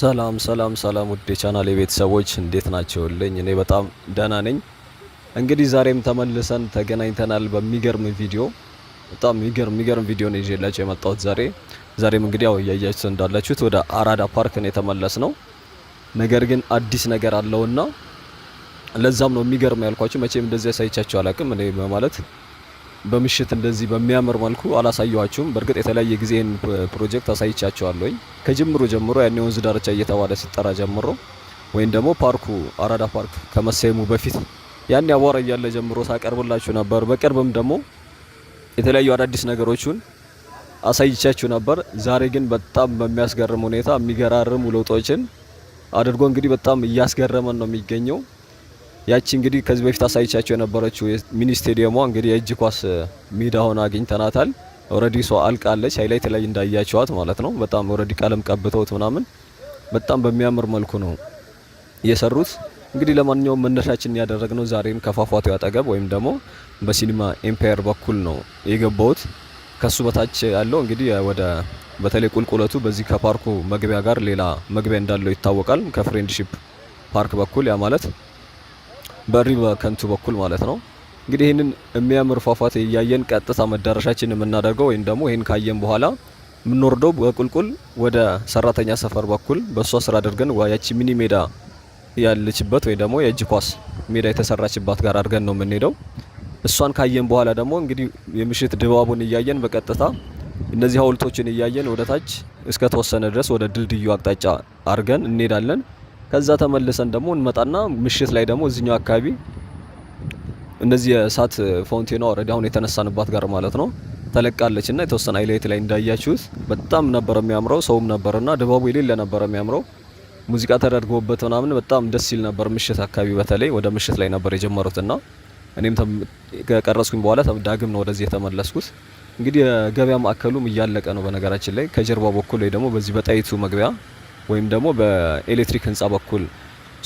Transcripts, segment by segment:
ሰላም ሰላም ሰላም ውድ የቻናል የቤተሰቦች እንዴት ናቸውልኝ? እኔ በጣም ደህና ነኝ። እንግዲህ ዛሬም ተመልሰን ተገናኝተናል በሚገርም ቪዲዮ። በጣም የሚገርም የሚገርም ቪዲዮ ነው ይዤላችሁ የመጣሁት ዛሬ። ዛሬም እንግዲህ ያው እያያችሁ እንዳላችሁት ወደ አራዳ ፓርክ ነው የተመለስ ነው። ነገር ግን አዲስ ነገር አለውና ለዛም ነው የሚገርም ያልኳችሁ። መቼም እንደዚህ አሳይቻችሁ አላቅም እኔ በማለት በምሽት እንደዚህ በሚያምር መልኩ አላሳየኋችሁም። በእርግጥ የተለያየ ጊዜን ፕሮጀክት አሳይቻችኋለሁኝ። ከጅምሩ ጀምሮ ያኔ ወንዝ ዳርቻ እየተባለ ሲጠራ ጀምሮ ወይም ደግሞ ፓርኩ አራዳ ፓርክ ከመሰየሙ በፊት ያኔ አቧራ እያለ ጀምሮ ሳቀርብላችሁ ነበር። በቅርብም ደግሞ የተለያዩ አዳዲስ ነገሮችን አሳይቻችሁ ነበር። ዛሬ ግን በጣም በሚያስገርም ሁኔታ የሚገራርሙ ለውጦችን አድርጎ እንግዲህ በጣም እያስገረመን ነው የሚገኘው። ያቺ እንግዲህ ከዚህ በፊት አሳይቻቸው የነበረችው ሚኒ ስቴዲየሟ እንግዲህ የእጅ ኳስ ሜዳ ሆና አግኝተናታል። ኦልሬዲ ሰው አልቃለች። ሃይላይት ላይ እንዳያቸዋት ማለት ነው። በጣም ኦልሬዲ ቀለም ቀብተውት ምናምን በጣም በሚያምር መልኩ ነው የሰሩት። እንግዲህ ለማንኛውም መነሻችን ያደረግነው ዛሬን ከፏፏቴው አጠገብ ወይም ደግሞ በሲኒማ ኤምፓየር በኩል ነው የገባሁት። ከሱ በታች ያለው እንግዲህ ወደ በተለይ ቁልቁለቱ በዚህ ከፓርኩ መግቢያ ጋር ሌላ መግቢያ እንዳለው ይታወቃል። ከፍሬንድሺፕ ፓርክ በኩል ያ ማለት በሪ በከንቱ በኩል ማለት ነው። እንግዲህ ይህንን የሚያምር ፏፏቴ እያየን ቀጥታ መዳረሻችን የምናደርገው ወይም ደግሞ ይህን ካየን በኋላ የምንወርደው በቁልቁል ወደ ሰራተኛ ሰፈር በኩል በእሷ ስራ አድርገን ያቺ ሚኒ ሜዳ ያለችበት ወይ ደግሞ የእጅ ኳስ ሜዳ የተሰራችባት ጋር አድርገን ነው የምንሄደው። እሷን ካየን በኋላ ደግሞ እንግዲህ የምሽት ድባቡን እያየን በቀጥታ እነዚህ ሀውልቶችን እያየን ወደ ታች እስከ ተወሰነ ድረስ ወደ ድልድዩ አቅጣጫ አድርገን እንሄዳለን። ከዛ ተመልሰን ደግሞ እንመጣና ምሽት ላይ ደግሞ እዚኛው አካባቢ እንደዚህ የእሳት ፋውንቴኗ ኦልሬዲ አሁን የተነሳንባት ጋር ማለት ነው ተለቃለች እና የተወሰነ አይላይት ላይ እንዳያችሁት በጣም ነበር የሚያምረው። ሰውም ነበርና ድባቡ የሌለ ነበር የሚያምረው። ሙዚቃ ተደርጎበት ምናምን በጣም ደስ ሲል ነበር። ምሽት አካባቢ በተለይ ወደ ምሽት ላይ ነበር የጀመሩትና እኔም ከቀረጽኩኝ በኋላ ዳግም ነው ወደዚህ የተመለስኩት። እንግዲህ የገበያ ማዕከሉም እያለቀ ነው በነገራችን ላይ ከጀርባ በኩል ወይ ደግሞ በዚህ በጣይቱ መግቢያ ወይም ደግሞ በኤሌክትሪክ ህንፃ በኩል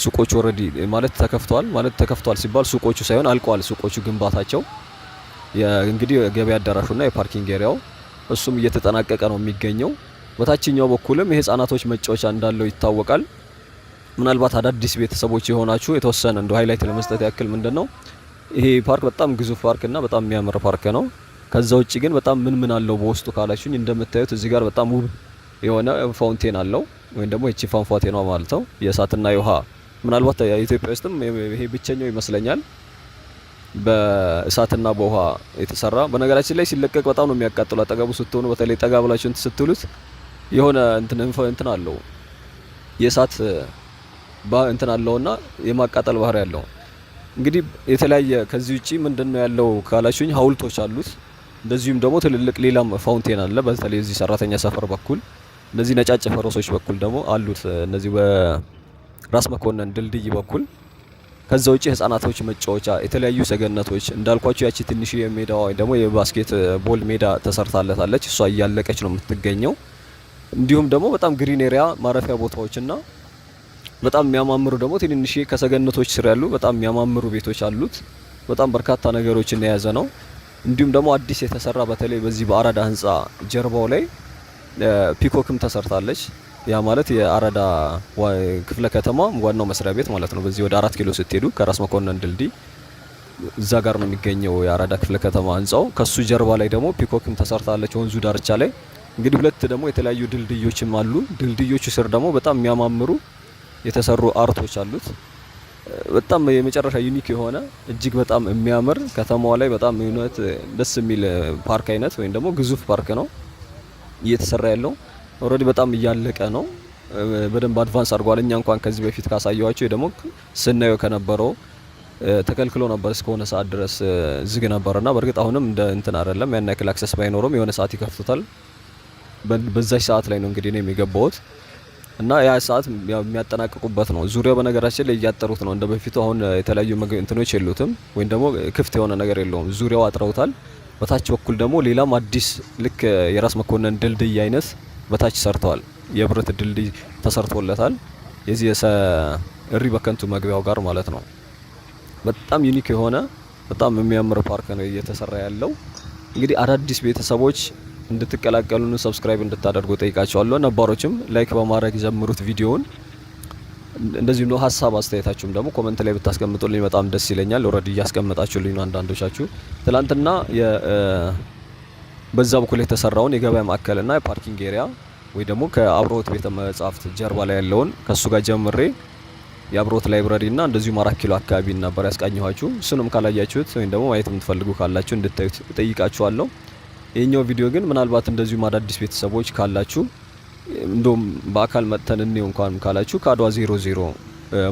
ሱቆቹ ኦልሬዲ ማለት ተከፍተዋል። ማለት ተከፍተዋል ሲባል ሱቆቹ ሳይሆን አልቀዋል ሱቆቹ ግንባታቸው። እንግዲህ የገበያ አዳራሹና የፓርኪንግ ኤሪያው እሱም እየተጠናቀቀ ነው የሚገኘው። በታችኛው በኩልም የህፃናቶች መጫወቻ እንዳለው ይታወቃል። ምናልባት አዳዲስ ቤተሰቦች የሆናችሁ የተወሰነ እንደ ሃይላይት ለመስጠት ያክል ምንድን ነው ይሄ ፓርክ በጣም ግዙፍ ፓርክና በጣም የሚያምር ፓርክ ነው። ከዛ ውጭ ግን በጣም ምን ምን አለው በውስጡ ካላችሁኝ እንደምታዩት እዚህ ጋር በጣም ውብ የሆነ ፋውንቴን አለው። ወይም ደግሞ ይቺ ፏፏቴ ነው ማለት ነው። የእሳትና የውሃ ምናልባት ኢትዮጵያ ውስጥም ይሄ ብቸኛው ይመስለኛል በእሳትና በውሃ የተሰራ በነገራችን ላይ ሲለቀቅ በጣም ነው የሚያቃጥሉ። አጠገቡ ስትሆኑ በተለይ ጠጋ ብላችሁ እንትን ስትሉት የሆነ እንትን እንትን አለው የእሳት እንትን አለውና የማቃጠል ባህሪ ያለው እንግዲህ የተለያየ ከዚህ ውጪ ምንድነው ያለው ካላችሁኝ ሀውልቶች አሉት። እንደዚሁም ደግሞ ትልልቅ ሌላም ፋውንቴን አለ በተለይ እዚህ ሰራተኛ ሰፈር በኩል እነዚህ ነጫጭ ፈረሶች በኩል ደግሞ አሉት እነዚህ በራስ መኮንን ድልድይ በኩል ከዛ ውጪ ህጻናቶች መጫወቻ የተለያዩ ሰገነቶች እንዳልኳቸው ያቺ ትንሽ የሜዳ ወይ ደግሞ የባስኬት ቦል ሜዳ ተሰርታለታለች። እሷ እያለቀች ነው የምትገኘው። እንዲሁም ደግሞ በጣም ግሪን ኤሪያ ማረፊያ ቦታዎችና በጣም የሚያማምሩ ደግሞ ትንንሽ ከሰገነቶች ስር ያሉ በጣም የሚያማምሩ ቤቶች አሉት። በጣም በርካታ ነገሮችን የያዘ ነው። እንዲሁም ደግሞ አዲስ የተሰራ በተለይ በዚህ በአራዳ ህንፃ ጀርባው ላይ ፒኮክም ተሰርታለች። ያ ማለት የአራዳ ክፍለ ከተማ ዋናው መስሪያ ቤት ማለት ነው። በዚህ ወደ አራት ኪሎ ስትሄዱ ከራስ መኮንን ድልድይ እዛ ጋር ነው የሚገኘው የአራዳ ክፍለ ከተማ ህንጻው። ከሱ ጀርባ ላይ ደግሞ ፒኮክም ተሰርታለች ወንዙ ዳርቻ ላይ። እንግዲህ ሁለት ደግሞ የተለያዩ ድልድዮችም አሉ። ድልድዮቹ ስር ደግሞ በጣም የሚያማምሩ የተሰሩ አርቶች አሉት። በጣም የመጨረሻ ዩኒክ የሆነ እጅግ በጣም የሚያምር ከተማዋ ላይ በጣም ደስ የሚል ፓርክ አይነት ወይም ደግሞ ግዙፍ ፓርክ ነው። እየተሰራ ያለው ኦልሬዲ በጣም እያለቀ ነው። በደንብ አድቫንስ አድርጓል። እኛ እንኳን ከዚህ በፊት ካሳየዋቸው ደግሞ ስናየው ከነበረው ተከልክሎ ነበር እስከሆነ ሰዓት ድረስ ዝግ ነበርና በእርግጥ አሁንም እንደ እንትን አይደለም ያን ያክል አክሰስ ባይኖርም የሆነ ሰዓት ይከፍቱታል። በዛች ሰዓት ላይ ነው እንግዲህ ነው የሚገባውት እና ያ ሰዓት የሚያጠናቅቁበት ነው። ዙሪያው በነገራችን ላይ እያጠሩት ነው። እንደ በፊቱ አሁን የተለያዩ እንትኖች የሉትም ወይም ደግሞ ክፍት የሆነ ነገር የለውም። ዙሪያው አጥረውታል። በታች በኩል ደግሞ ሌላም አዲስ ልክ የራስ መኮንን ድልድይ አይነት በታች ሰርተዋል። የብረት ድልድይ ተሰርቶለታል። የዚህ እሪ በከንቱ መግቢያው ጋር ማለት ነው። በጣም ዩኒክ የሆነ በጣም የሚያምር ፓርክ ነው እየተሰራ ያለው። እንግዲህ አዳዲስ ቤተሰቦች እንድትቀላቀሉን ሰብስክራይብ እንድታደርጉ ጠይቃቸዋለሁ። ነባሮችም ላይክ በማድረግ ጀምሩት ቪዲዮውን። እንደዚሁም ነው ሀሳብ አስተያየታችሁም ደግሞ ኮመንት ላይ ብታስቀምጡልኝ በጣም ደስ ይለኛል። ኦልሬዲ እያስቀመጣችሁልኝ ነው አንዳንዶቻችሁ። ትላንትና በዛ በኩል የተሰራውን የገበያ ማዕከልና የፓርኪንግ ኤሪያ ወይ ደግሞ ከአብሮት ቤተ መጻሕፍት ጀርባ ላይ ያለውን ከእሱ ጋር ጀምሬ የአብርሆት ላይብረሪና እንደዚሁም አራት ኪሎ አካባቢ ነበር ያስቃኘኋችሁ። እሱንም ካላያችሁት ወይም ደግሞ ማየት የምትፈልጉ ካላችሁ እንድታዩት እጠይቃችኋለሁ። ይህኛው ቪዲዮ ግን ምናልባት እንደዚሁም አዳዲስ ቤተሰቦች ካላችሁ እንደውም በአካል መጥተን እኔው እንኳን ካላችሁ ከአድዋ ዜሮ ዜሮ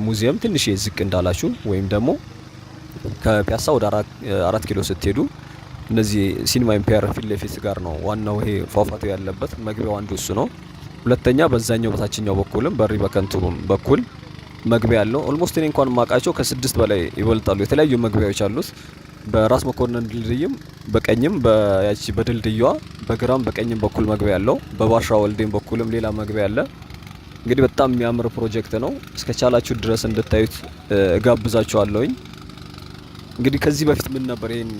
ሙዚየም ትንሽ ዝቅ እንዳላችሁ ወይም ደግሞ ከፒያሳ ወደ አራት ኪሎ ስትሄዱ እነዚህ ሲኒማ ኢምፓየር ፊት ለፊት ጋር ነው ዋናው ይሄ ፏፏቴው ያለበት መግቢያው አንዱ እሱ ነው። ሁለተኛ በዛኛው በታችኛው በኩልም በሪ በከንቱ በኩል መግቢያ ያለው ኦልሞስት እኔ እንኳን ማቃቸው ከስድስት በላይ ይበልጣሉ። የተለያዩ መግቢያዎች አሉት። በራስ መኮንን ድልድይም በቀኝም በያቺ በድልድዩዋ በግራም በቀኝም በኩል መግቢያ ያለው በባሻ ወልዴም በኩልም ሌላ መግቢያ አለ። እንግዲህ በጣም የሚያምር ፕሮጀክት ነው። እስከቻላችሁ ድረስ እንድታዩት እጋብዛችኋለሁኝ። እንግዲህ ከዚህ በፊት ምን ነበር ይህን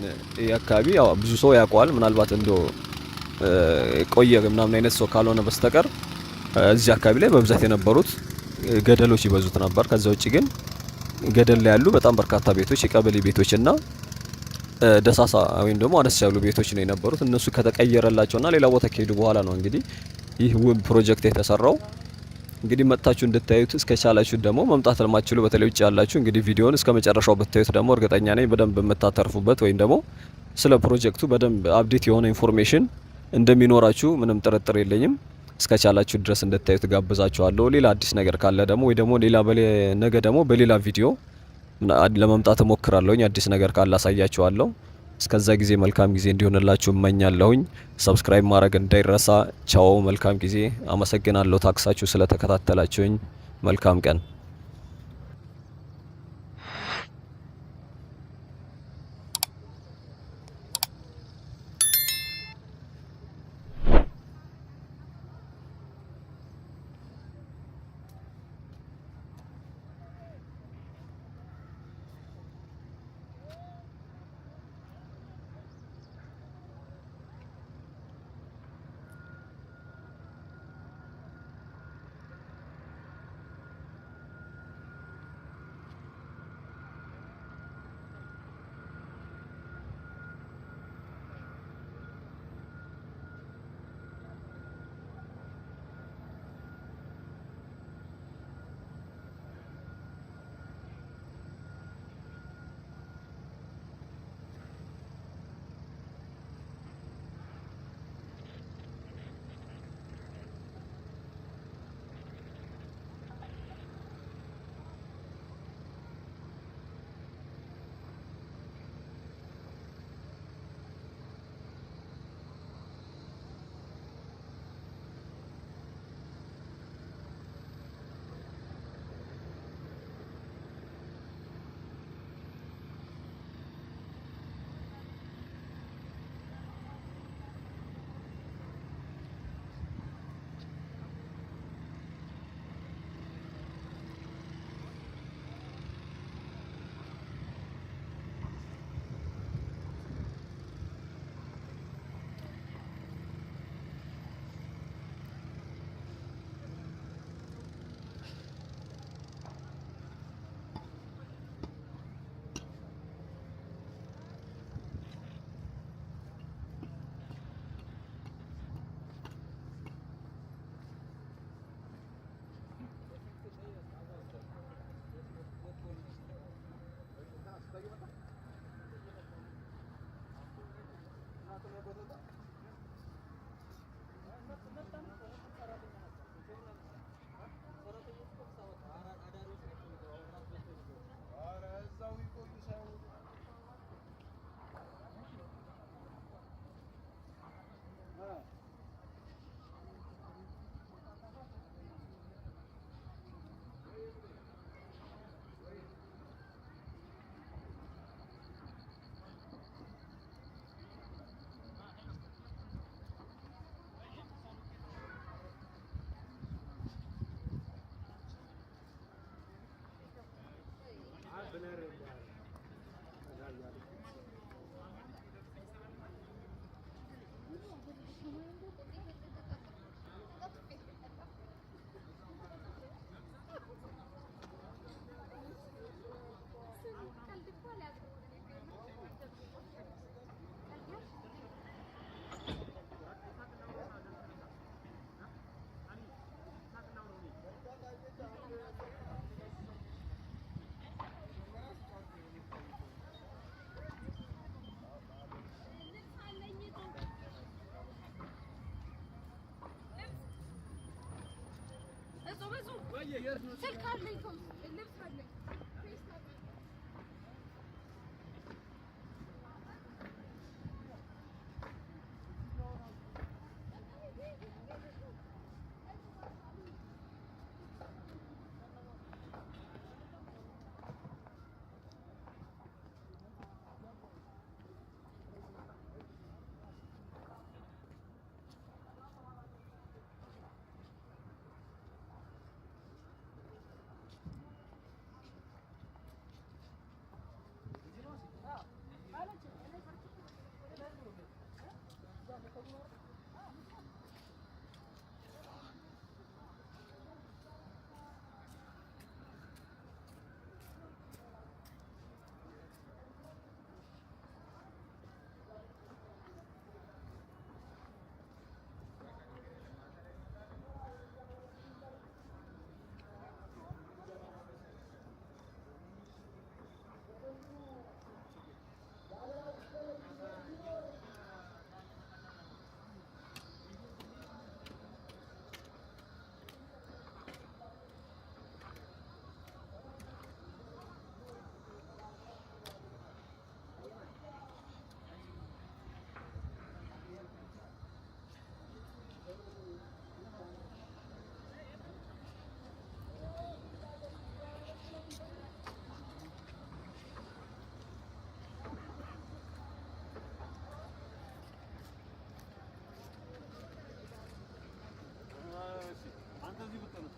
አካባቢ ያው ብዙ ሰው ያውቀዋል። ምናልባት እንደ ቆየ ምናምን አይነት ሰው ካልሆነ በስተቀር እዚህ አካባቢ ላይ በብዛት የነበሩት ገደሎች ይበዙት ነበር። ከዛ ውጭ ግን ገደል ላይ ያሉ በጣም በርካታ ቤቶች የቀበሌ ቤቶች እና ደሳሳ ወይም ደግሞ አነስ ያሉ ቤቶች ነው የነበሩት። እነሱ ከተቀየረላቸውና ሌላ ቦታ ከሄዱ በኋላ ነው እንግዲህ ይህ ውብ ፕሮጀክት የተሰራው። እንግዲህ መጥታችሁ እንድታዩት እስከቻላችሁ ደግሞ መምጣት ለማትችሉ በተለይ ውጭ ያላችሁ እንግዲህ ቪዲዮን እስከ መጨረሻው ብታዩት ደግሞ እርግጠኛ ነኝ በደንብ የምታተርፉበት ወይም ደግሞ ስለ ፕሮጀክቱ በደንብ አብዴት የሆነ ኢንፎርሜሽን እንደሚኖራችሁ ምንም ጥርጥር የለኝም። እስከቻላችሁ ድረስ እንድታዩት ጋብዛችኋለሁ። ሌላ አዲስ ነገር ካለ ደግሞ ወይ ደግሞ ሌላ ነገ ደግሞ በሌላ ቪዲዮ ለመምጣት እሞክራለሁኝ። አዲስ ነገር ካለ አሳያችኋለሁ። እስከዛ ጊዜ መልካም ጊዜ እንዲሆንላችሁ እመኛለሁኝ። ሰብስክራይብ ማድረግ እንዳይረሳ። ቻው፣ መልካም ጊዜ። አመሰግናለሁ ታክሳችሁ ስለተከታተላችሁኝ። መልካም ቀን Wij hier snoeien. Stel Karl አንተ እዚህ ብትሆን